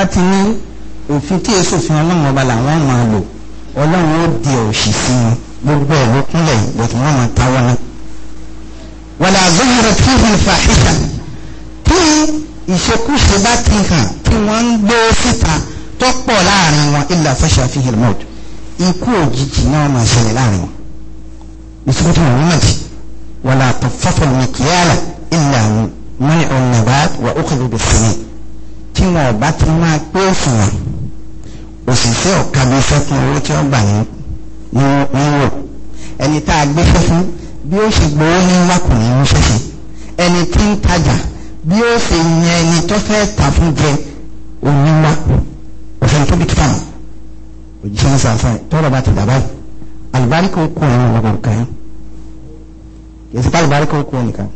bá ti ní òfin tí èso fún ọlọ́run ọba làwọn máa lò ọlọ́run ó di òṣì sí i gbogbo ẹ̀ ló kúnlẹ̀ ìgbọ̀tí wọ́n máa táwọn náà. wàlá zuhirat fihim fahisha tí ìṣekúṣe bá ti hàn tí wọ́n ń gbé síta tó pọ̀ láàrin wọn illa fasha fihil maut ikú òjijì náà máa ṣẹlẹ̀ láàrin wọn. ìṣòro muhammad wàlá tọ̀fọ́fọ́ mi kìí àlà illa mọ́ni ọ̀nà wà ó kọ̀ tí wọn ò bá ti máa pé òṣùwọ̀n òṣìṣẹ́ ọ̀ka bíi fẹ́kun owó tí wọ́n gbà níwò ẹni tá a gbé fẹ́fún bí ó ṣe gbowó ní lákùnrin ń ṣẹ̀ṣẹ̀ ẹni tí ń tajà bí ó ṣe yan ẹni tó fẹ́ tà fún jẹ òmìnira òfin tóbi tó fàmù òjíṣẹ́ ń sàǹsàn tọ́rọ bá ti dàbáyì àlùbáríkà ó kú òun ọ̀gbọ̀n kan yìí kì í sí pálùbáríkà ó kú òun nìkan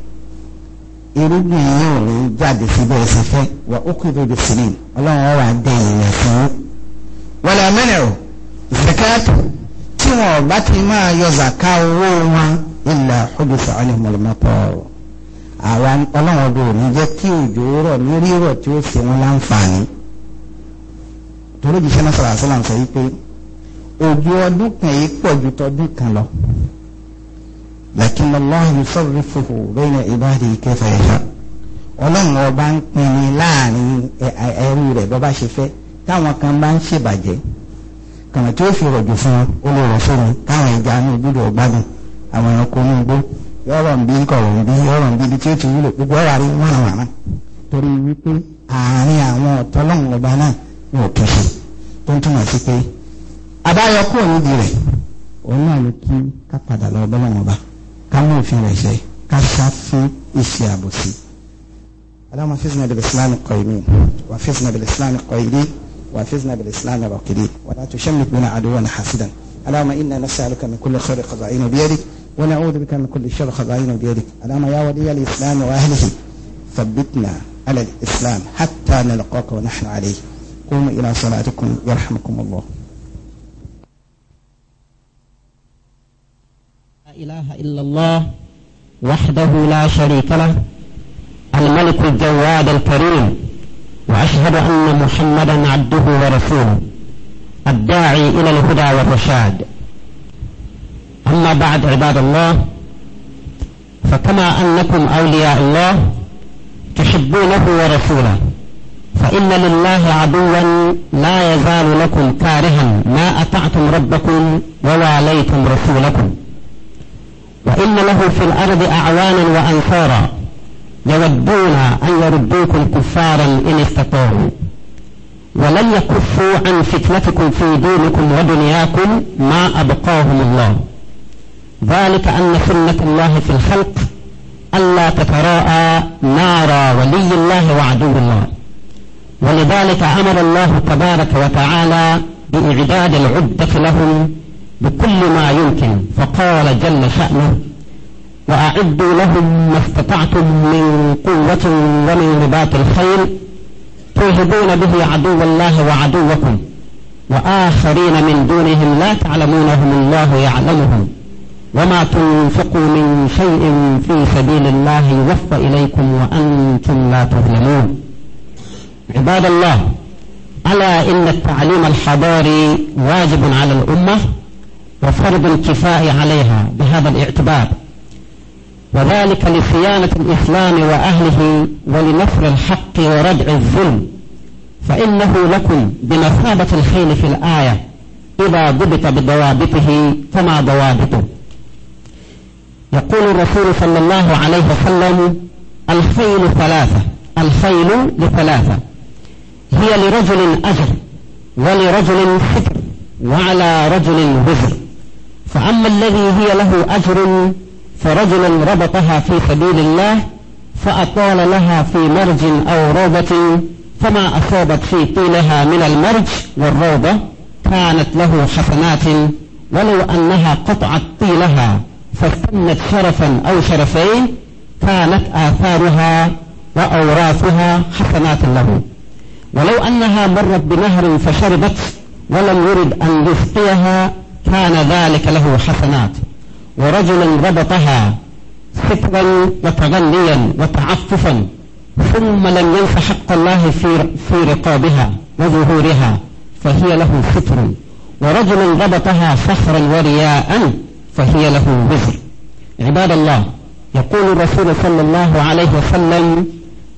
irúgbìn yìí ò ní jáde síbẹ̀ ẹ̀sìn fẹ́ wà ó kú ìdòdò sílẹ̀ ọlọ́run wà dé ìyẹn fún un. wọ́n lọ mẹ́rẹ̀ẹ́rọ zakat tí wọn ò bá ti máa yọ zaka owó wọn ilà ọdúnfà ọlẹ́mọlẹ́mọ́pọ̀ àwa ọlọ́run ọdún òní jẹ́ kí òjò rọ̀ ní rírọ̀ tí ó ṣe wọn láǹfààní. torí jíṣẹ́ náà sọ̀rọ̀ àṣọ làǹfà pé òjò ọdún kan yìí pọ̀ ju tọdún kan lọ. لكن الله يصرفه بين ibadihi كيف yasha ọlọ́run ọba ń pinni láàrin ẹrú rẹ̀ bọ́ bá ṣe fẹ́ táwọn kan bá ń ṣèbàjẹ́ kàmá tí ó fi rọ̀jò fún wọn ó lè rọ̀ fún mi káwọn ẹja ní ojúdò ọgbádùn àwọn ẹranko ní igbó yọ̀rọ̀ ń bí kọ̀rọ̀ ń bí yọ̀rọ̀ ń bí ibi tí ó ti wúlò gbogbo ọ̀rọ̀ àrí wọn àwọn àrán torí wípé àárín àwọn ọ̀tọ́ ọlọ́run ọba náà ní òkè ṣe tó ń túmọ̀ sí pé abáyọkúrò nídìí rẹ̀ òun náà ló kí ká padà lọ bọ́lọ́run ọba. ká mú òfin rẹ̀ ṣe ká sá fún iṣẹ́ اللهم فزنا بالإسلام القيمين وفزنا بالإسلام القيدين وفزنا بالإسلام الراقدين ولا تشمت بنا عدوا حاسدا اللهم إنا نسألك من كل خير قضائين بيدك ونعوذ بك من كل شر خضعين بيدك اللهم يا ولي الإسلام وأهله ثبتنا على الإسلام حتى نلقاك ونحن عليه قوموا إلى صلاتكم يرحمكم الله إله إلا الله وحده لا شريك له الملك الجواد الكريم وأشهد أن محمدا عبده ورسوله الداعي إلى الهدى والرشاد أما بعد عباد الله فكما أنكم أولياء الله تحبونه ورسوله فإن لله عدوا لا يزال لكم كارها ما أطعتم ربكم وواليتم رسولكم وإن له في الأرض أعوانا وأنفارا يودون أن يردوكم كفارا إن استطاعوا ولن يكفوا عن فتنتكم في دينكم ودنياكم ما أبقاهم الله ذلك أن سنة الله في الخلق ألا تتراءى نار ولي الله وعدو الله ولذلك أمر الله تبارك وتعالى بإعداد العدة لهم بكل ما يمكن فقال جل شأنه وأعدوا لهم ما استطعتم من قوة ومن رباط الخيل ترهبون به عدو الله وعدوكم وآخرين من دونهم لا تعلمونهم الله يعلمهم وما تنفقوا من شيء في سبيل الله يوفى إليكم وأنتم لا تظلمون عباد الله ألا إن التعليم الحضاري واجب على الأمة وفرض الكفاء عليها بهذا الاعتبار وذلك لخيانة الإسلام وأهله ولنفر الحق وردع الظلم فإنه لكم بمثابة الخيل في الآية إذا ضبط بضوابطه فما ضوابطه يقول الرسول صلى الله عليه وسلم الخيل ثلاثة الخيل لثلاثة هي لرجل أجر ولرجل فكر وعلى رجل وزر فأما الذي هي له أجر فرجل ربطها في سبيل الله فأطال لها في مرج أو روضة فما أصابت في طولها من المرج والروضة كانت له حسنات ولو أنها قطعت طيلها فاستنت شرفا أو شرفين كانت آثارها وأوراثها حسنات له ولو أنها مرت بنهر فشربت ولم يرد أن يسقيها كان ذلك له حسنات ورجل ربطها سترا وتغنيا وتعففا ثم لم ينس حق الله في في رقابها وظهورها فهي له ستر ورجل ربطها فخرا ورياء فهي له وزر عباد الله يقول الرسول صلى الله عليه وسلم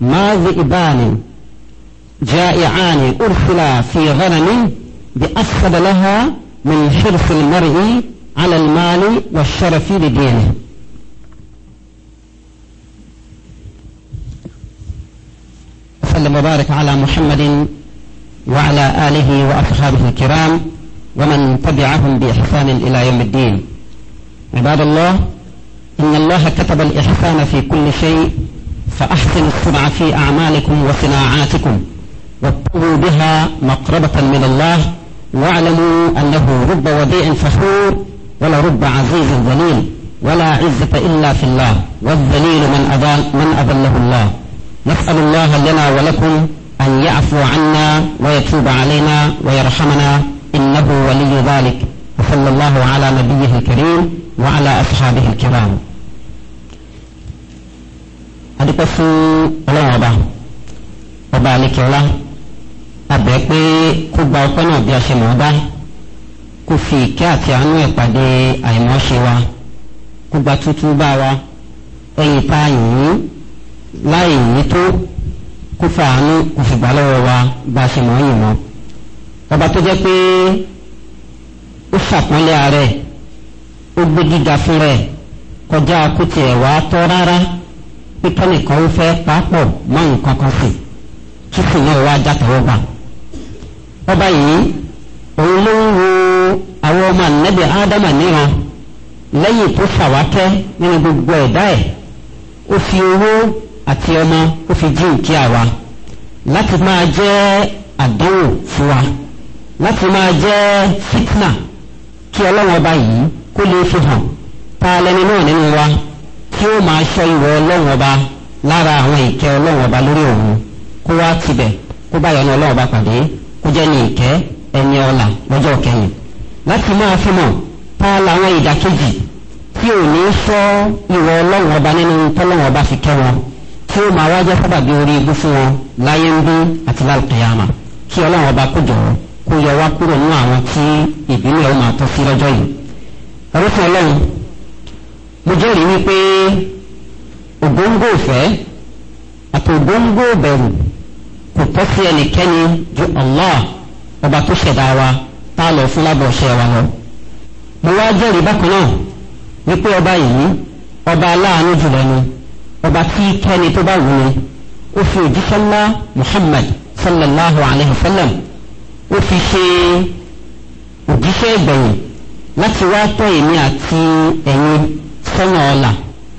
ما ذئبان جائعان أرسلا في غنم بأفسد لها من حرص المرء على المال والشرف لدينه وسلم وبارك على محمد وعلى آله وأصحابه الكرام ومن تبعهم بإحسان إلى يوم الدين عباد الله إن الله كتب الإحسان في كل شيء فأحسنوا الصنع في أعمالكم وصناعاتكم وابتغوا بها مقربة من الله واعلموا أنه رب وديع فخور ولا رب عزيز ذليل ولا عزة إلا في الله والذليل من أضل من أضله الله نسأل الله لنا ولكم أن يعفو عنا ويتوب علينا ويرحمنا إنه ولي ذلك وصلى الله على نبيه الكريم وعلى أصحابه الكرام adúpẹ́ fún الله ọba الله abẹ́ pé kó gba ọpẹ́ náà bí a ṣe mọ̀ ọ́ bá kó fi ìkẹ́ àti àánú ẹ̀ pàdé àìmọ́ṣe wa kó gba tútú bá wa ẹ̀yìn pa yìnyín láì yìí tó kó fa àánú kó fi gbà lọ́wọ́ wa bá a ṣe mọ̀ ọ́ mọ́ ọba tó jẹ́ pé ó fàpọ́nlé ara ó gbé gíga fúnra ẹ̀ kọjá kó tiẹ̀ wá tọ́ rárá pípọ́ nìkan ó fẹ́ pàápọ̀ mọ́ nǹkan kan sí kí náà wá jàtọ̀wọ́ gbà ọba yìí òun ló ń wo àwọn ọmọ ànábì ádámà níran lẹ́yìn tó fàwátẹ́ nínú gbogbo ẹ̀dá ẹ̀ ó fi owó àti ọmọ ó fi jí òkè àwa láti máa jẹ́ àdánwò fún wa láti máa jẹ́ fitna kí ọlọ́run ọba yìí kó lè fi hàn ta lẹni náà nínú wa tí ó máa ṣọ́ ìwọ ọlọ́run ọba lára àwọn ìkẹ́ ọlọ́run ọba lórí òun kó wá tibẹ̀ kó bá yọnu ọlọ́run ọba pàdé ó jẹ́ ní ìkẹ́ ẹni ọ̀la lọ́jọ́ kẹyìn láti máa fi mọ̀ tá a làwọn ìdàkejì tí ò ní fọ́ ìwọ ọlọ́run ọba nínú tọ́lọ́run ọba fi kẹ́ wọn tí ó máa wájẹ́ sábàbí orí igbó fún wọn láyé ń bí àti lálùkẹ́yàmà kí ọlọ́run ọba kó jọ̀ọ́ kó yọ wá kúrò nínú àwọn tí ìbínú ẹ̀ máa tọ́ sí lọ́jọ́ yìí ọlọ́fin ọlọ́run mo jẹ́rìí wípé ògóńgó ìfẹ́ àti ògóńgó ìbẹ̀rù tọ́ sí ẹnikẹ́ni ju Allah ọba tó ṣẹ̀dá wa tá a lọ fún lábọ̀ ọ̀ṣẹ́ wa lọ. mo wá jẹ́rìí bákan náà wípé ọba yìí ọba aláàánú jùlọ ni ọba tí kẹ́ni tó bá wù ni ó fi òjíṣẹ́ ńlá Muhammad sallallahu alayhi wa sallam ó fi ṣe òjíṣẹ́ ìgbẹ̀yìn láti wá tọ́ èmi àti ẹ̀yin sọ́nà ọ̀la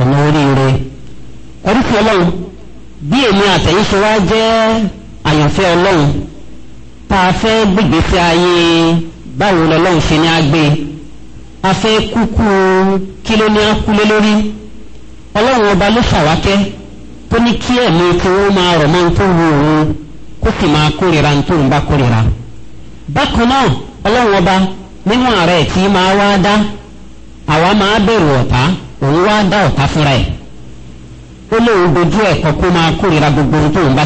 ọ̀nà oríire. oríṣi ọlọ́run bí èmi àtẹ̀yìn ṣe wá jẹ́ àyànfẹ́ ọlọ́run tá a fẹ́ gbègbè sí ayé báwo lọ́lọ́run ṣe ní agbe a fẹ́ kúkú kí ló ní akúlé lórí ọlọ́run ọba ló ṣàwákẹ́ tó ní kí ẹ̀mí kí wọ́n máa rọ̀ mọ́ tó òun kó sì máa tó ń ọba tí máa wá dá àwa máa bẹ̀rù ọ̀tá òun wá dá ọ̀tá fúnra ẹ̀ ó lóun dojú ẹ̀kọ́ kó máa gbogbo bá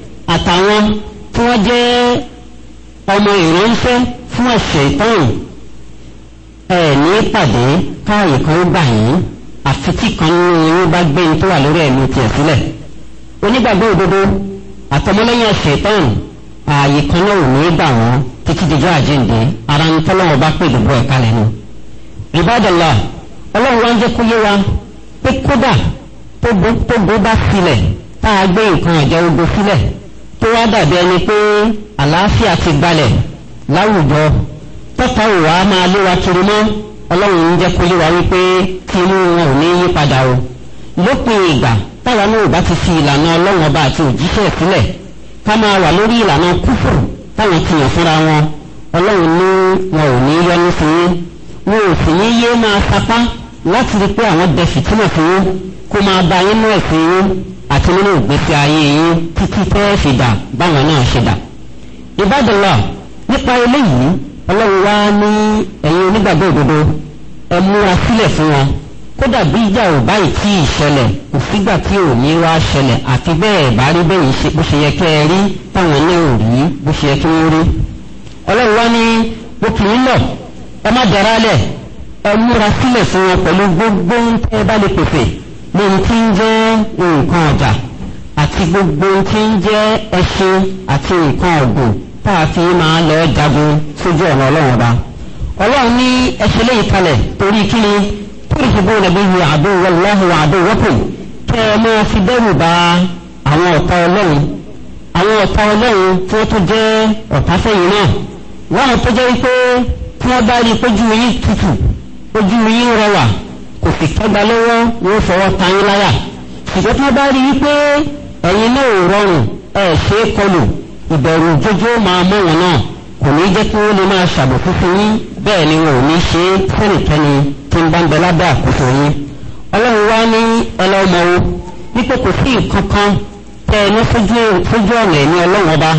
àtàwọn tí wọ́n jẹ́ ọmọ ìránṣẹ́ fún ẹ̀sẹ̀ tán ẹ̀ ní pàdé káàyè kan gbà yín àfi tí kan nínú yín bá gbé ní tó wà lórí ẹ̀mí tiẹ̀ sílẹ̀ onígbàgbọ́ òdodo àtọmọlẹ́yìn ẹ̀sẹ̀ tán ààyè kan náà ò ní gbà wọ́n títí dijọ́ àjíǹde ara ń tọ́lọ́wọ́ bá pè gbogbo ẹ̀ka lẹ́nu. ìbádọ́lá ọlọ́run wá ń jẹ́ kó yé wa pé kódà tó gbó bá sílẹ̀ tá gbé nǹkan ọ̀jẹ̀ ogun sílẹ̀ tó wá dàbí ẹni pé àlàáfíà ti gbalẹ̀ láwùjọ tọ́ta ò wá máa lé wa kiri mọ́ ọlọ́run ń jẹ́ kó lé wa wípé tinú wọn ò ní yí padà o lópin ìgbà táwa náà ò ti fi ìlànà ọlọ́run ọba àti òjíṣẹ́ sílẹ̀ ká máa wà lórí ìlànà kúfù táwọn ti yàn fúnra wọn ọlọ́run ní wọn ò ní wọn ò sì láti rí pé àwọn dẹ fìtínà fún yín kó máa bá yín náà fún yín àti nínú ìgbésí ayé yín títí tẹ́ fi dà báwọn náà ṣe dà. ìbádọ́lá nípa eléyìí ọlọ́run wá ní ẹ̀yin onígbàgbọ́ òdodo ẹ múra sílẹ̀ fún wọn kódà bí ìjà ò báyìí tí ì ṣẹlẹ̀ kò sígbà tí ò wá ṣẹlẹ̀ àti bẹ́ẹ̀ bá rí bẹ́ẹ̀ ṣe bó ṣe yẹ kẹ́ ẹ rí táwọn náà ò bó ṣe yẹ kí wọ́n rí. ọlọ́run wá ní mo kì í lọ lẹ̀ ẹ múra sílẹ̀ fún wọn pẹ̀lú gbogbo ń tẹ́ bá lè pèsè lóhun tí ń jẹ́ nǹkan ọjà àti gbogbo tí ń jẹ́ ẹṣin àti nǹkan ọ̀gbìn tá a fi máa lọ jagun sójú ọ̀nà ọlọ́run ọba ọlọ́run ní ẹṣin lè kalẹ̀ torí kí ni tóríṣìbó nàbí yìí àdó wọláhùn àdó wọ́pọ̀ kẹ́ ẹ máa fi dẹ́rù ba àwọn ọ̀tá ọlọ́run àwọn ọ̀tá ọlọ́run tí wọ́n tó jẹ́ ọ̀tá fẹ́yìn náà wọ́n tó jẹ́ pé tí wọ́n bá rí i pé ju yín tutù ojú yín rẹwà kò sì fẹ́gbà lọ́wọ́ wọ́n fọwọ́ ta yín láyà ṣùgbọ́n tí wọ́n bá rí i pé ẹ̀yin náà ò rọrùn ẹ̀ ṣe é kọlù ìbẹ̀rù jójó máa mú wọn náà kò ní jẹ́ kí wọ́n lè máa ṣàbùkù fún yín bẹ́ẹ̀ ni wọn ò ní ṣe é fẹ́nìkẹ́ni tí ń bá ń bẹ lábẹ́ àkóso yín ọlọ́run wá ní ẹlọ́mọ o wípé kò sí ìkankan tẹ ẹ ní sójú ọ̀nà ẹ̀mí ọlọ́run ọba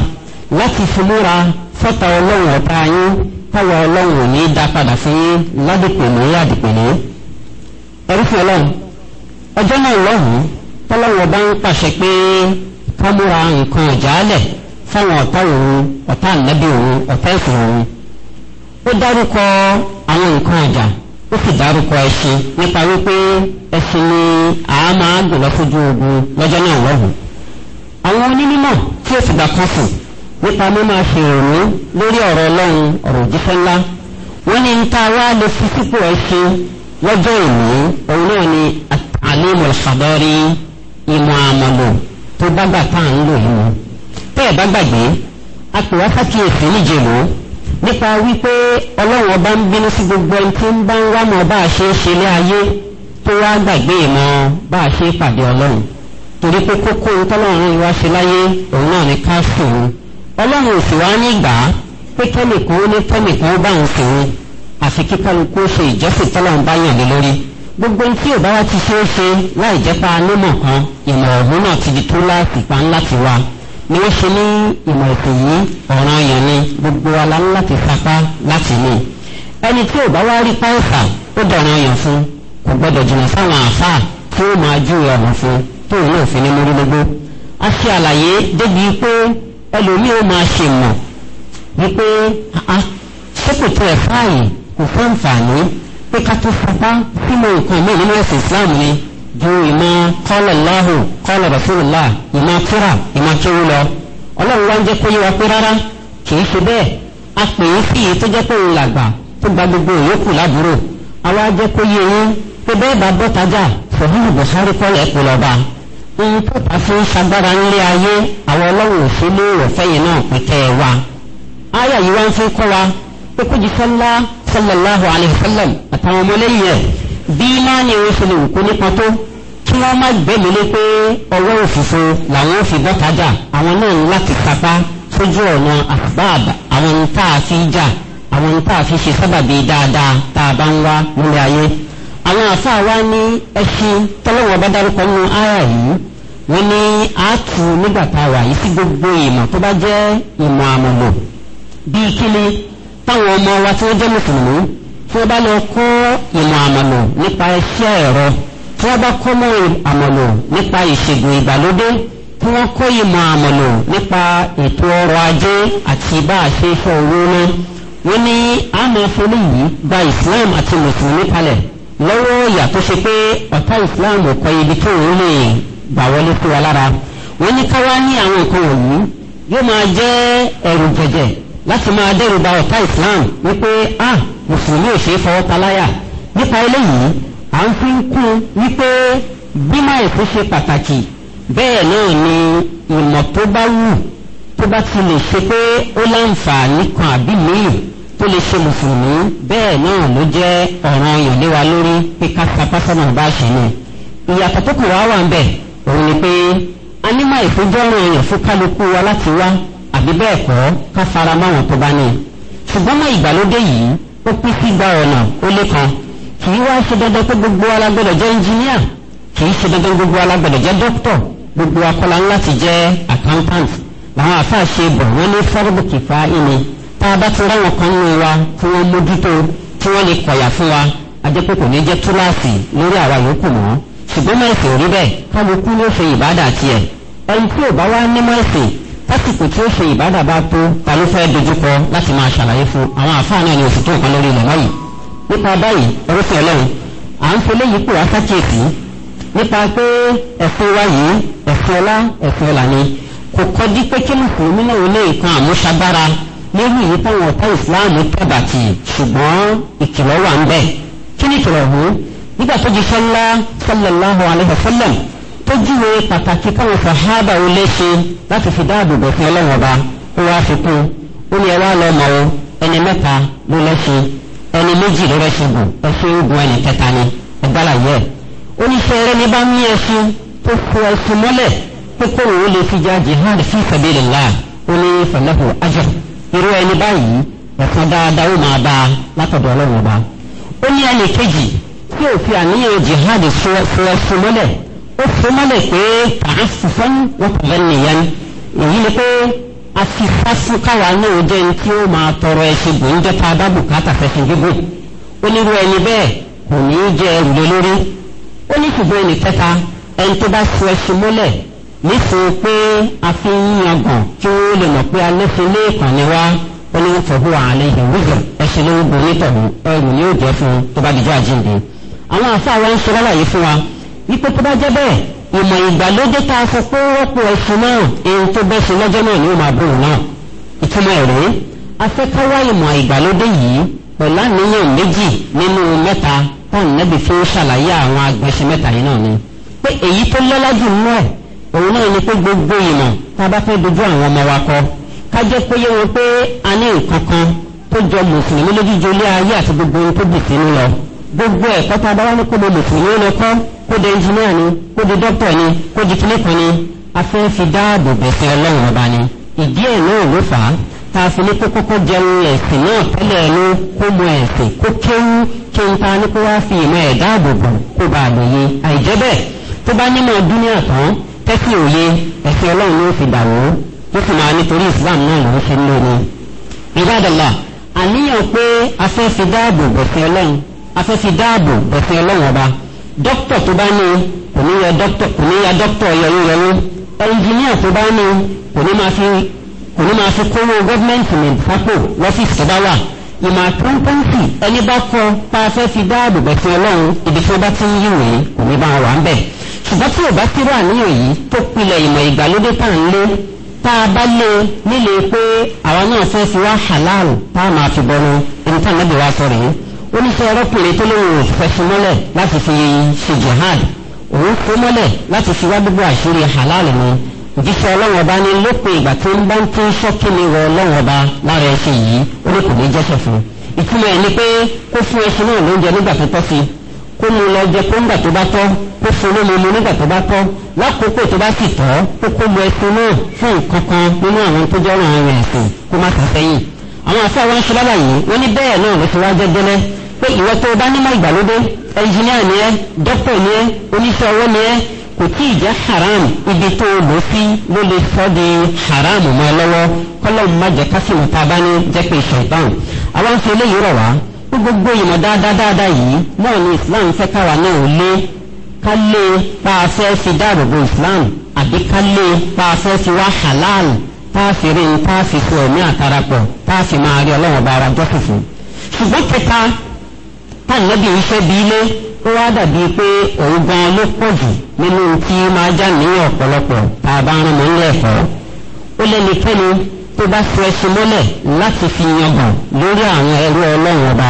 láti fi múra sọ́ta ọlọ́run ọ̀tá yín táwa ọlọ́run ò ní í dá padà fún ládìpẹ̀lú àdìpẹ̀lú ẹ̀rí fún ọlọ́run ọjọ́ náà lọ́hùn-ún tọ́lọ́wọ́ bá ń pàṣẹ pé ká múra nǹkan ọ̀jálẹ̀ fáwọn ọ̀tá òun ọ̀tá ànábì òun ọ̀tá ìfẹ́ òun ó dárúkọ àwọn nǹkan ọ̀jà ó sì dárúkọ ẹṣin nípa wípé ẹṣin ni a máa ogun lọ́jọ́ náà lọ́hùn àwọn onímọ̀ tí ó sì gbà kan nípa mímọ ṣèrànwó lórí ọ̀rọ̀ ọlọ́run ọ̀rọ̀ òjíṣẹ́ ńlá wọ́n ní níta wá lè fi sípò ẹ̀ ṣe lọ́jọ́ ìlú òun náà ni àlímọ̀ ìfàdọ́rí ìmọ̀ àmọ̀lò tó bágbà tá à ń lò yìí mu tẹ́ ẹ̀ bá gbàgbé a pè wá sákìyèsí níjèlú nípa wípé ọlọ́run ọba ń bínú sí gbogbo ẹni tí ń bá ń wá mọ̀ bá a ṣe é ṣe lé ayé tó wá gbàgbé ìmọ̀ bá a ṣe é pàdé ọlọ́run torí pé kókó ohun tọ́lọ́run ìwá ṣe láyé òun náà ni ká sùn ọlọ́run òsì wá ní gbà á pé kẹ́nìkan ó ní fẹ́nìkan ó bá òun sì ni àfi kí kálukú ó ṣe ìjọsìn tọ́lọ́run bá yàn lé lórí gbogbo tí ò bá wá ti ṣe é ṣe láì jẹ́ pa anímọ̀ kan ìmọ̀ ọ̀hún náà ti di tó láti pa ńlá ti wá ni wọ́n ṣe ní ìmọ̀ ìpè yìí ọ̀ràn yẹn ni gbogbo ala ńlá ti sapá láti mú ẹni tí ò bá wá rí páìsà ó dọ̀ràn yẹn fún kò gbọ́dọ̀ jìnnà sáwọn àáfàá tí ó máa júwe ọ̀nà fún tóun náà fi ní mórí lógbó a ṣe àlàyé débi pé ẹlòmíì ó máa ṣe mọ̀ wípé sépò tó ẹ̀ fáàyè kò fáǹfààní pé ká tó fapá sínú nǹkan mí nínú ẹ̀sìn Islam ni ju ìmọ̀ kọ́lọ̀ láhù kọ́lọ̀ rasulullah ìmọ̀ tíra ìmọ̀ tíru lọ ọlọ́run wá ń jẹ́ pé yíwa pé rárá kìí ṣe bẹ́ẹ̀ a pè é sí èyí tó jẹ́ pé òun làgbà tó gba gbogbo ìyókù lábúrò àwa jẹ́ pé yíyún pé bẹ́ẹ̀ bá bọ́tajà sọ̀hún ìbùsọ̀rí kọ́lẹ̀ ẹ̀pọ̀ lọ́ba ohun tó ta fún sagbára ńlé ayé àwọn ọlọ́run òfin ló rọ̀ fẹ́yìn náà pẹ̀tẹ́ wa. aya yìí wá ń fi kọ́ wa pé kó jìfọ́lá sallallahu alayhi wa sallam àtàwọn ọmọlẹ́yìn ẹ̀ bí imáni wọn fi lè wù kó nípa tó kí wọ́n má gbẹ́mi lé pé ọwọ́ òfìfo làwọn fi bọ́tajà àwọn náà ní láti sapá sójú ọ̀nà àbáàbà àwọn ohun tá a fi jà àwọn ohun tá a fi ṣe sábàbí dáadáa tá a bá ń wá nílé ayé àwọn àfáà wa ní ẹṣin tọ́lọ́wọ́ bá dárúkọ nínú ara yìí wọ́n ní àátù nígbà tá a wà yìí sí gbogbo ìmọ̀ tó bá jẹ́ ìmọ̀ àmọ̀mọ̀ bíi kíni táwọn ọmọ wa tí wọ́n jẹ́ mùsùlùmí tí wọ́n bá lọ kọ́ ìmọ̀ àmọ̀mọ̀ nípa iṣẹ́ ẹ̀rọ tí wọ́n bá kọ́ mọ́ àmọ̀mọ̀ nípa ìṣègùn ìgbàlódé tí wọ́n kọ́ ìmọ̀ àmọ̀nà nípa ètò ọrọ̀ ajé àti bá a ṣe fọ owó ná wọ́n ní àmọ́ fúnni yìí gba Islam àti mùsùlùmí kalẹ̀ lọ́wọ́ ìyà tó ṣe pé ọ̀tá ìsìláàmù kọ ibi tó òun lè gbà wọlé fún wa lára wọ́n ní ká wá ní àwọn nǹkan wọ̀nyí yóò máa jẹ́ ẹ̀rù jẹ̀jẹ̀ láti máa dẹ́rù ba ọ̀tá ìsìláàmù wípé a mùsùlùmí ò ṣeé fọwọ́ paláyà nípa eléyìí à ń fi ń kún wípé bí máa èso ṣe pàtàkì bẹ́ẹ̀ náà ni ìmọ̀ tó bá wù tó bá ti lè ṣe pé ó láǹfààní kan àbí mìíràn kó lè ṣe mùsùlùmí bẹ́ẹ̀ náà ló jẹ́ ọ̀ràn èèyàn lé wa lórí pé ká sapá sọ́nà bá ṣe ni ìyàtọ̀ tó kù wá wà ń bẹ̀ òun ni pé a ní máa ìfojọ́rùn èèyàn fún kálukú wa láti wá àbí bẹ́ẹ̀ kọ́ ká fara máwọn tó bá ní ṣùgbọ́n mọ́ ìgbàlódé yìí ó pín sí gba ọ̀nà ó lé kan kì í wá ṣe dandan pé gbogbo alágbọ́dọ̀ jẹ́ ẹnjìníà kì í ṣe dandan gbogbo alágbọ́dọ̀ jẹ́ dókítọ̀ gbogbo akọ́lá ńlá ti jẹ́ accountant làwọn àfáà ṣe bọ̀ wọ́n ní fọ́rọ́bù kìfà ìní tá a bá ti ráwọn kan nínú wa tí wọ́n mójútó tí wọ́n lè kọ̀yà fún wa ajẹ́pẹ́ kò ní jẹ́ túláàsì lórí àwa yòókù mọ́ ṣùgbọ́n mẹ́sìn ò rí bẹ́ẹ̀ kálukú ló ṣe ìbádà tiẹ̀ ẹni tí ò bá wá ní mẹ́sìn lásìkò tí ó ṣe ìbádà bá tó ta ló fẹ́ dojúkọ láti máa ṣàlàyé fún àwọn àfáà náà ní oṣù tó nǹkan lórí ilẹ̀ báyìí nípa báyìí orúkọ ọlọ́run à ń fi léyìí pò asákèésí nípa pé ẹ̀sìn wa yìí ẹ̀sìn ọlá ẹ̀sìn ọlà ni kò kọjú pé kí mùsùlùmí náà lè kan àmúṣagbára lórí èyí táwọn ọ̀tá ìsìláàmù tẹ̀bàtì ṣùgbọ́n ìkìlọ̀ wà ń bẹ̀ kí ni ìkìlọ̀ ọ̀hún nígbà tó jíṣẹ́ ńlá sallallahu alaihi wasallam tó júwe pàtàkì káwọn sàhábà ó léṣe láti fi dáàbò bò fún ọlọ́wọ́n ọba ó wá fi kún ó ní ẹwà lọ mọ̀ ọ́ ẹni mẹ́ta ló léṣe ẹni méjì ló rẹ́ṣe gùn ẹṣin ogun ẹni kẹta ni ọgbàlàyé ẹ̀ ó ní fẹ́ irú ẹni báyìí ẹ̀sán dáadáa ó máa bá a látọ̀dọ̀ ọlọ́run ọba ó ní ẹnì kejì tí ò àníyàn jihad fúnrẹ́fún mọ́lẹ̀ ó fún mọ́lẹ̀ pé tàbí fífọ́n wọ́n kò fẹ́ nìyẹn èyí ni pé a fi fásún káwa náà jẹ́ ní tí ó máa tọrọ ẹṣin bò ń jẹ́ ta bá bùkátà fẹ́fin gígùn ó ní irú ẹni bẹ́ẹ̀ kò ní í jẹ ẹrù lé lórí ó ní ṣùgbọ́n ẹnì kẹta ẹni tó bá fún ẹṣin mọ́lẹ̀ nísìnyí pé a fi ń yangàn kí wọ́n lè mọ̀ pé alẹ́ fi lé ìkànnì wá ó ní tọ́bù àlẹ́ yẹn wíjọ ẹ̀ṣẹ̀ ló ń borí tọ̀hún ẹrù ni ó jẹ́ fún tó bá dijọ́ àjíǹde. àwọn àfáà wa ń ṣe lálàyé fún wa wípé tó bá jẹ́ bẹ́ẹ̀ ìmọ̀ ìgbàlódé tá a sọ pé rọ́pò ẹ̀sùn náà èyí tó bẹ́ sí lọ́jọ́ náà ni ó máa bùn náà ìtumọ̀ ẹ̀rọ afẹ́káwá ìmọ̀ ìgbàlódé yìí pẹ̀lú àníyàn méjì nínú mẹ́ta táwọn nẹ́bí fi ń ṣàlàyé àwọn agbẹ̀ṣe mẹ́ta yìí náà ni pé èyí tó lọ́lá jù náà òun náà ni pé gbogbo ìmọ̀ tá a bá fẹ́ dojú àwọn ọmọ wa kọ ká jẹ́ pé yé wọn pé a ní nǹkan kan tó jọ mùsùlùmí lójijì ilé ayé àti gbogbo ohun tó bì sínú lọ gbogbo ẹ̀kọ́ tá a bá wá ní kó lo mùsùlùmí lọ kọ́ kó di ẹnjìníà ni kó di ni kó di ni a fẹ́ fi dáàbò bẹ̀sẹ̀ ọlọ́run ọba ni ìdí ẹ̀ náà ló fà á tá a fi ní kó kọ́kọ́ ẹ̀sìn náà tẹ́lẹ̀ tẹ́sí òye ẹ̀sìn ọlọ́run ló fi dànù ó sì máa nítorí islam náà ló fi ń lò ní. ìbádọ́là àníyàn pé a fẹ́ fi dáàbò bẹ̀sìn ọlọ́run a fẹ́ fi dáàbò bẹ̀sìn ọlọ́run ọba dókítà tó bá ní kò ní ya dókítà yọyọyọyọ ẹnjìníà tó bá ní kò ní máa fi kò ní máa fi kówó gọ́ọ̀mẹ̀ntì mi sápò lọ́fíìsì tó bá wà ìmọ̀ àtúntàǹtì ẹni bá kọ pa afẹ́ fi dáàbò bẹ̀sìn ọlọ́run ibi tí wọ́n bá ti ń yíwèé kò ní bá wà ń bẹ̀ ṣùgbọ́n tí ò bá sí wà ní òyì tó pilẹ̀ ìmọ̀ ìgbàlódé tá à ń lé tá a bá lé nílé pé àwa náà fẹ́ fi wá halal tá a máa fi bọ́nu ẹni tá ànábì wa sọ rèé ó ní sọ ọlọ́kùnrin tó lóun ò mọ́lẹ̀ láti fi ṣe jihad òun kó mọ́lẹ̀ láti fi wá gbogbo àṣírí halal ni ìjíṣẹ́ ọlọ́run ọba ní lópin ìgbà tó ń bá ń tún ṣọ́kìnì wọ ọlọ́run ọba lára ẹṣin yìí ó ní kò ní jẹ́sọ̀ fún ìtumọ̀ ẹ̀ ni pé kó fún ẹṣin náà lóúnjẹ nígbà tó tọ́ sí i kó mu lọ jẹ kó ńgbà tó bá tọ́ kó fún ló mu nígbà tó bá tọ́ lákòókò tó bá sì tọ́ kó kó mu ẹsùn náà fún ìkankan nínú àwọn tó jọ́ràn àwọn ẹ̀sìn kó má sá sẹ́yìn. àwọn àfẹ́ wọn ṣe lábàá yìí wọ́n ní bẹ́ẹ̀ náà ló fi wá jẹ́ gẹ́lẹ́ pé ìwọ tó o bá nímọ̀ ìgbàlódé ẹnjìníà ni ẹ dókítà ni ẹ oníṣẹ́ ọwọ́ ni ẹ kò tí ì jẹ́ haram ibi tó o lò sí ló lè sọ di haram mọ́ ẹ lọ́wọ́ kọ́lọ́ ó gbogbo ìmọ̀ dáadáa dáadáa yìí náà ni islam fẹ́ káwa náà ó lé ká lé pa afẹ́ fi dáàbò bo islam àbí ká lé pa afẹ́ fi wá halal tá a fi rí i tá a fi fi ẹ̀mí àtàràpọ̀ tá a fi máa rí ọlọ́run ọba ara jọ́ fùfú. ṣùgbọ́n kẹta tànàbí iṣẹ́ bí ilé ó wá dàbí pé òun gan ló pọ̀ jù nínú tí máa já níyàn ọ̀pọ̀lọpọ̀ tá a bá ń rán mọ́ nílẹ̀ ẹ̀kọ́ ó lẹ́nikẹ́ni tó bá fi ẹṣin mọ́lẹ̀ láti fi yangàn lórí àwọn ẹrú ọlọ́run ọba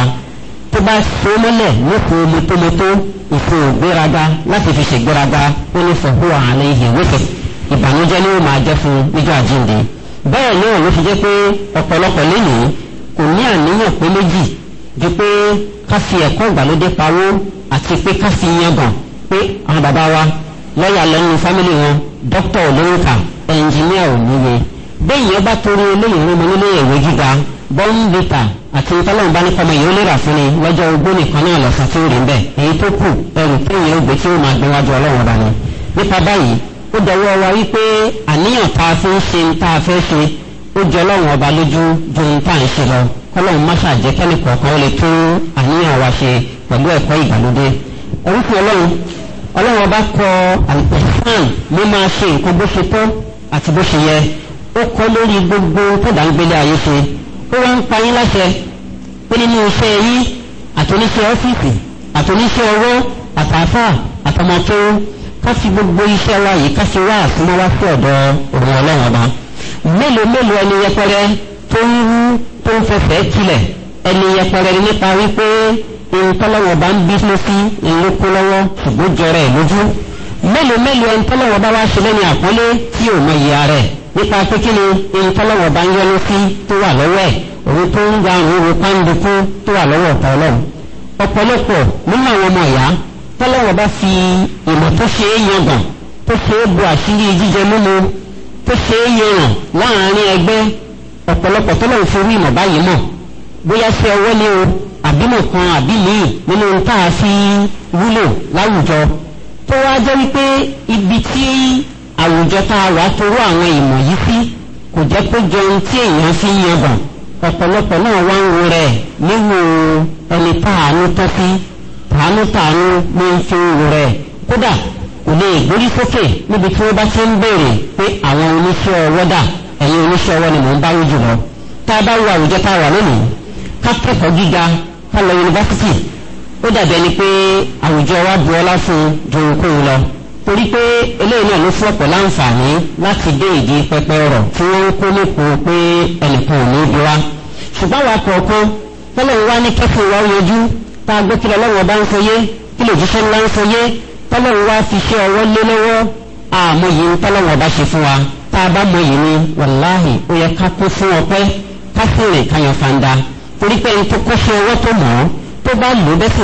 tó bá fi mọ́lẹ̀ nípò létólétó ìfò ìgbéraga láti fi ṣègbéraga ó ní fọ̀húwà àlẹ́ ìhè wífẹ̀ ìbànújẹ́ ni ó máa jẹ́ fún níjọ́ àjíǹde bẹ́ẹ̀ náà ló fi jẹ́ pé ọ̀pọ̀lọpọ̀ lẹ́yìn kò ní àníyàn pé méjì ju pé ká fi ẹ̀kọ́ ìgbàlódé pawó àti pé ká fi yangàn pé àwọn bàbá wa lọ́ọ̀yà lẹ́nu fámìlì wọn dókítà olórúkà ẹnjìníà ò níye béèyàn bá torí eléyìí ló mọ nínú ìwé gíga bọ́ńbìtà àti tọ́lọ́mùbá ní kọ́mọ yìí ó lè rà fún ni lọ́jọ́ ogbó nìkan náà lọ́sàn tí ó rí bẹ́ẹ̀ èyí tó kù ẹrù téèyàn ó tí ó máa gbé wájú ọlọ́run ọba nípa báyìí ó dọwọ́ wa wípé àníyàn tá a fi ń ṣe tá a fẹ́ ṣe ó jọ ọlọ́run ọba lójú ju ohun tá à ń ṣe lọ kọ́lọ́run má ṣàjẹ́ kẹ́nìkọ̀ọ̀kan ó lè tún àníyàn wa ṣe pẹ̀lú ẹ̀kọ́ ìgbàlódé orúkọ ọlọ́run ọlọ́run ọba kọ àlùkò fún mi máa ṣe nǹkan bó ṣe tó àti bó ṣe yẹ ó kọ́ lórí gbogbo tọ́dàgbélé ayé ṣe ó wá ń pa yín láṣẹ pé nínú iṣẹ́ yín àtúníṣẹ́ ọ́fíìsì àtúníṣẹ́ ọwọ́ àtàfà àtàmọ́tò ká fi gbogbo iṣẹ́ wa yìí ká fi wá àsúnmọ́ wá sí ọ̀dọ̀ òun ọlọ́run ọba mélòó mélòó ẹni yẹpẹrẹ tó ń wú tó ń fẹsẹ̀ tilẹ̀ ẹni yẹpẹrẹ nípa wípé ohun bá ń bí lọ́sí ìlú kó lọ́wọ́ ṣùgbọ́n jọra ẹ̀ lójú mélòó mélòó ẹni tọ́lọ́wọ́ bá wá ṣe lẹ́ni àpọ́nlé tí ò mọ ìyá rẹ̀ nípa pé kí ni ohun tọ́lọ́wọ̀ bá ń yọnu sí tó wà lọ́wọ́ ẹ̀ òun tó ń gba òun òun pàǹdù fún tó wà lọ́wọ́ ọ̀tọ̀ ọlọ́run ọ̀pọ̀lọpọ̀ nínú àwọn ọmọ ìyá tọ́lọ́wọ̀ bá fi ìmọ̀ tó ṣe é yangàn tó ṣe é bu àṣírí jíjẹ mímu tó ṣe é yẹràn láàárín ẹgbẹ́ ọ̀pọ̀lọpọ̀ tọ́lọ́wọ̀ fi rí ìmọ̀ báyìí mọ̀ bóyá sí ọwọ́ ni o àbímọ̀ kan àbí míì nínú ohun tá a fi wúlò láwùjọ tó wá jẹ́ wípé ibi tí àwùjọ tá a wà torú àwọn ìmọ̀ yìí sí kò jẹ́ pé jẹun tí èèyàn fi ń yangàn ọ̀pọ̀lọpọ̀ náà wá ń wo rẹ̀ nínú ẹni tàánú tọ́sí tàánú tàánú ló ń fi ń wo rẹ̀ kódà kò lè gbórí sókè níbi tí wọ́n bá ti ń béèrè pé àwọn oníṣẹ́ ọwọ́ dà ẹ̀yin oníṣẹ́ ọwọ́ ni mò ń báwí jùlọ tá a bá wo àwùjọ tá a wà lónìí ká kẹ́kọ̀ọ́ gíga ká lọ yunifásitì ó dàbí ẹni pé àwùjọ wa bu ọlá fún ju ohunkóhun lọ torí pé eléyìí náà ló fún ọ̀pọ̀ láǹfààní láti dé ìdí pẹpẹ ọ̀rọ̀ tí wọ́n kó nípo pé ẹnìkan ò ní bí wa ṣùgbọ́n àwọn akọ̀ọ̀kan tọ́lọ̀ wá ní kẹ́fìn wa yanjú tá a gbé kí lọ́wọ́ bá ń fọyé kí lè jíṣẹ́ ńlá ń fọyé tọ́lọ̀ wá fi ṣe ọwọ́ lé lọ́wọ́ àmọ̀yé ń tọ́lọ̀ wọ́n bá ṣe fún wa tá a bá mọ̀yé ni wàláhì ó yẹ ká kó fún ọpẹ́ ká sì fanda torí pé ẹni tó kó fún ọwọ́ tó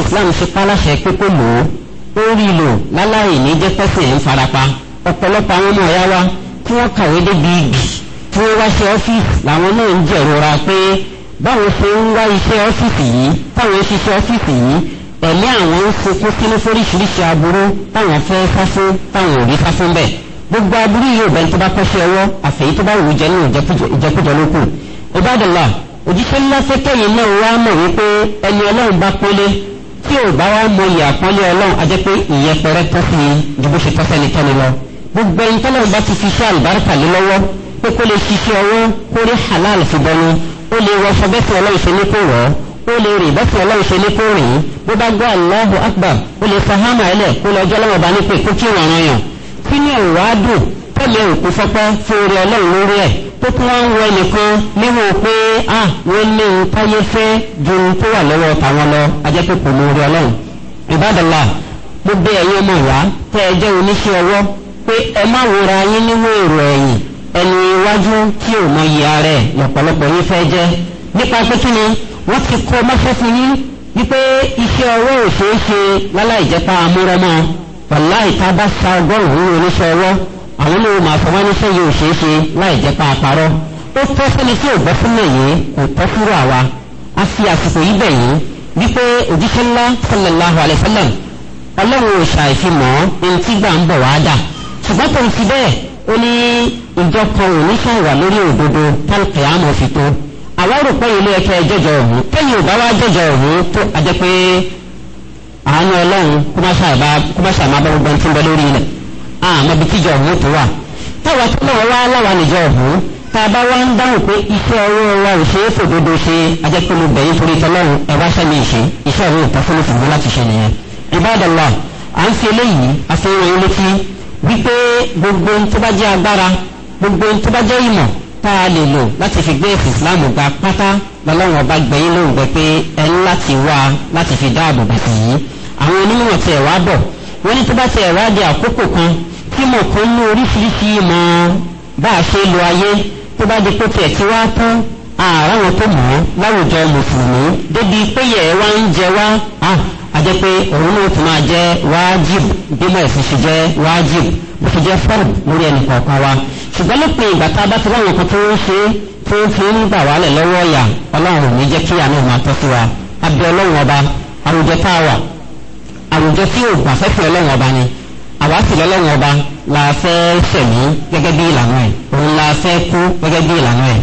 Islam ṣe pa láṣẹ pé ó rí i lò láláì ní jẹ́ ń farapa ọ̀pọ̀lọpọ̀ àwọn ọmọ ọ̀yá wa tí wọ́n kàwé débi igi tí wọ́n wá ṣe ọ́fíìsì làwọn náà ń jẹ̀rora pé báwọn ṣe ń wá iṣẹ́ ọ́fíìsì yìí táwọn ṣiṣẹ́ ọ́fíìsì yìí ẹ̀mí àwọn ń sunkún sínú fóríṣiríṣi aburú táwọn fẹ́ sá fún táwọn ò rí sá fún bẹ́ẹ̀ gbogbo aburú yìí ò bẹ́ẹ̀ tó bá kọ́ṣẹ́ ọwọ́ àfẹ́yí tó bá wù jẹ́ nínú ìjẹkújẹ ló ìbádọ́là òjíṣẹ́ ńlá fẹ́kẹ́yìn náà wá mọ̀ wípé ẹni ọlọ́run bá pélé tí ò bá wá mọ ìyà àpọ́nlé ọlọ́run a jẹ́ pé ìyẹpẹrẹ tó fi ju bó ṣe tọ́ sẹ́ni tẹ́ni lọ gbogbo ẹni tọ́lọ́run bá ti fi iṣẹ́ àlùbáríkà lé lọ́wọ́ pé kó lè fi iṣẹ́ ọwọ́ kó rí halal fi bọ́nu ó lè wọṣọ bẹ́sẹ̀ ọlọ́run ṣe ní kó wọ̀ ó lè rìn bẹ́sẹ̀ ọlọ́run ṣe ní kó rìn bó bá gbọ́ Allahu akbar ó lè fa hámà ẹlẹ̀ kó lọ́jọ́ ọlọ́run bá ní tó tún wọ́n ń wọ ẹnìkan níwò pé à wọ́n lé ohun táyé fẹ́ ju ohun tó wà lọ́wọ́ tàwọn lọ ajẹ́pẹ́ kò ló rí ọlọ́run ìbádọ́là gbogbo ẹ̀yin ọmọ ìyá tẹ́ ẹ jẹ́ oníṣẹ́ ọwọ́ pé ẹ má wòra yín níwò èrò ẹ̀yìn ẹnu iwájú tí ò mọ iye ara ẹ̀ yín fẹ́ jẹ́ nípa pé kí ni wọ́n ti kọ́ mọ́fẹ́ fún yín wípé iṣẹ́ ọwọ́ òṣèṣe láláì jẹ́pá amúrọ́mọ́ wàláì tá a bá sa ọgọ́rùn-ún oníṣẹ́ ọwọ́ àwọn ní o máa sọ wá níṣẹ́ yìí ò ṣeé ṣe láì jẹ́ pa àparọ́ ó tọ́ sẹ́ni tí ò gbọ́ súnmọ́ yìí kò tọ́ fúrò àwa a fi àsìkò yìí bẹ̀ yìí wípé òjíṣẹ́ ńlá sallallahu alayhi sallam ọlọ́run ò ṣàìfimọ́ ohun tí gbà ń bọ̀ wá dà ṣùgbọ́n tó ń fi bẹ́ẹ̀ ó ní ìjọ kan ò ní ṣàwà lórí òdodo tálùkì àmọ́ fi tó àwa rò pé ilé ẹkẹ jẹjọ ọ̀hún tẹ́yìn ò bá wá jẹjọ ọ̀hún tó a jẹ́ pé àánú ọlọ́run kó má ṣàbá kó má ṣàmá bá lórí ilẹ̀ àmọ́ ah, bí tíjọ ọ̀hún tó wà táwa tó náà wá láwa nìjọ ọ̀hún tá a bá wá ń dáhùn pé iṣẹ́ ọwọ́ wa ò ṣe é fòdodo ṣe ajẹ́pẹ́lú bẹ̀yìn torí tọ́lọ́run ẹ wá sẹ́mi ìṣe iṣẹ́ ọ̀hún ìtàn fún ìfìwé láti ṣe nìyẹn. ìbádọ́lá à ń fi eléyìí àfihàn ilé tí wípé gbogbo ohun tó bá jẹ́ agbára gbogbo ohun tó bá jẹ́ ìmọ̀ tá a lè lò láti fi gbé ẹ̀sìn gba pátá lọ́lọ́run ọba gbẹ̀yìn lóhùn gbẹ pé ẹ ń láti wá láti fi dáàbò bẹ̀sẹ̀ yìí àwọn onímọ̀ tiẹ̀ wá bọ̀ wọ́n ní tó bá tiẹ̀ wá di àkókò kan tí mo kún ní oríṣiríṣi ìmọ̀ bá a ṣe lo ayé tó bá di pé tẹ̀ tí wá tán àárọ̀ tó mọ̀ ọ́ láwùjọ mùsùlùmí débi pé yẹ̀ wá ń jẹ wá àjẹ́ pé òun náà tún máa jẹ́ wájib bímọ ẹ̀sìn ṣe jẹ́ wájib bó ṣe jẹ́ fọ́ọ̀mù lórí ẹnì kọ̀ọ̀kan wa ṣùgbọ́n lópin ìgbà tá a bá ti ráwọn kan tó ń ṣe tó ń fi ń gbà wálẹ̀ lọ́wọ́ ọ̀yà ọlọ́run ní jẹ́ kí àánú máa tọ́ sí wa abẹ́ ọlọ́run ọba àwùjọ tá a wà àwùjọ tí ò gbà fẹ́fẹ́ ọlọ́run ọba ni àwáṣì lọ́lọ́wọ́ ọba la fẹ́ sẹ̀mí gẹ́gẹ́ bí ìlànà ẹ̀ òun la fẹ́ kú gẹ́gẹ́ bí ìlànà ẹ̀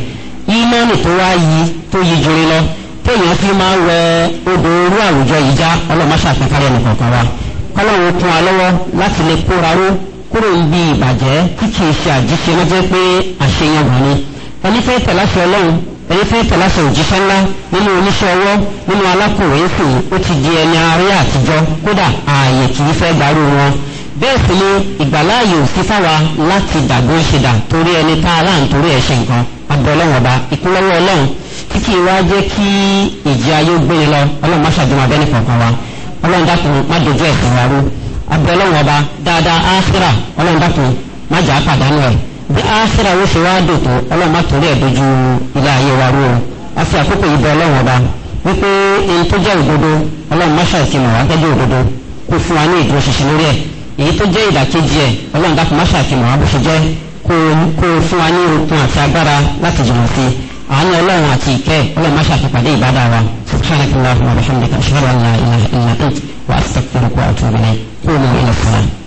ìmọ̀nì tó wá yí tó yí jure lọ téèyàn fi máa ń wẹ odò orú àwùjọ yìí já ọlọ́mọṣà pẹ̀kárẹ́ ẹnì kọ̀ọ̀kan wa kọ́lọ́run kún wa lọ́wọ́ láti lè kóra ró kúrò ń bi ìbàjẹ́ tí kìí ṣe àjíṣe ló jẹ́ pé àṣeyàn wà ní ẹni fẹ́ tẹ̀láṣẹ ọlọ́run ẹni fẹ́ tẹ̀láṣẹ òjíṣẹ́ ńlá nínú oníṣẹ́ ọwọ́ nínú alákòwé ń ó ti di ẹni arí àtijọ́ kódà ààyè kìí fẹ́ darú wọn bẹ́ẹ̀ sì ni ìgbàláàyè òsì láti dàgbò ṣèdà torí ẹni tá a láà torí ẹ̀ nǹkan abẹ́ ọba ìpínlọ́wọ́ ọlọ́run tí wá jẹ́ kí ìjì ayé gbéni lọ ọlọ́run má ṣàjọmọ́ abẹ́ni kankan wa ọlọ́run dákun má dojú ẹ̀sìn wa rú abẹ́ ọlọ́run ọba dáadáa áfíra ọlọ́run dákun má jà á pàdánù ẹ̀ bí áfíra wo ṣe wá dòtò ọlọ́run má torí ẹ̀ dojú ilé ayé wa rú o àfi àkókò ìbẹ́ ọlọ́run ọba wípé èyí tó jẹ́ òdodo ọlọ́run má ṣàìsìn mọ̀ wá gẹ́gẹ́ òdodo kó fún èyí tó jẹ́ ìdàkejì ẹ̀ ọlọ́run dákun má ṣàfihàn àwọn bó ṣe jẹ́ kó kó fún wa ní okun àti agbára láti jìnnà sí àánú ọlọ́run àti ìkẹ́ ọlọ́run má ṣàfipàdé ìbádá wa subhanahu wa ta'ala wa wa rahmatulahi wa rahmatulahi wa rahmatulahi wa rahmatulahi wa rahmatulahi wa rahmatulahi wa rahmatulahi wa rahmatulahi wa rahmatulahi wa rahmatulahi wa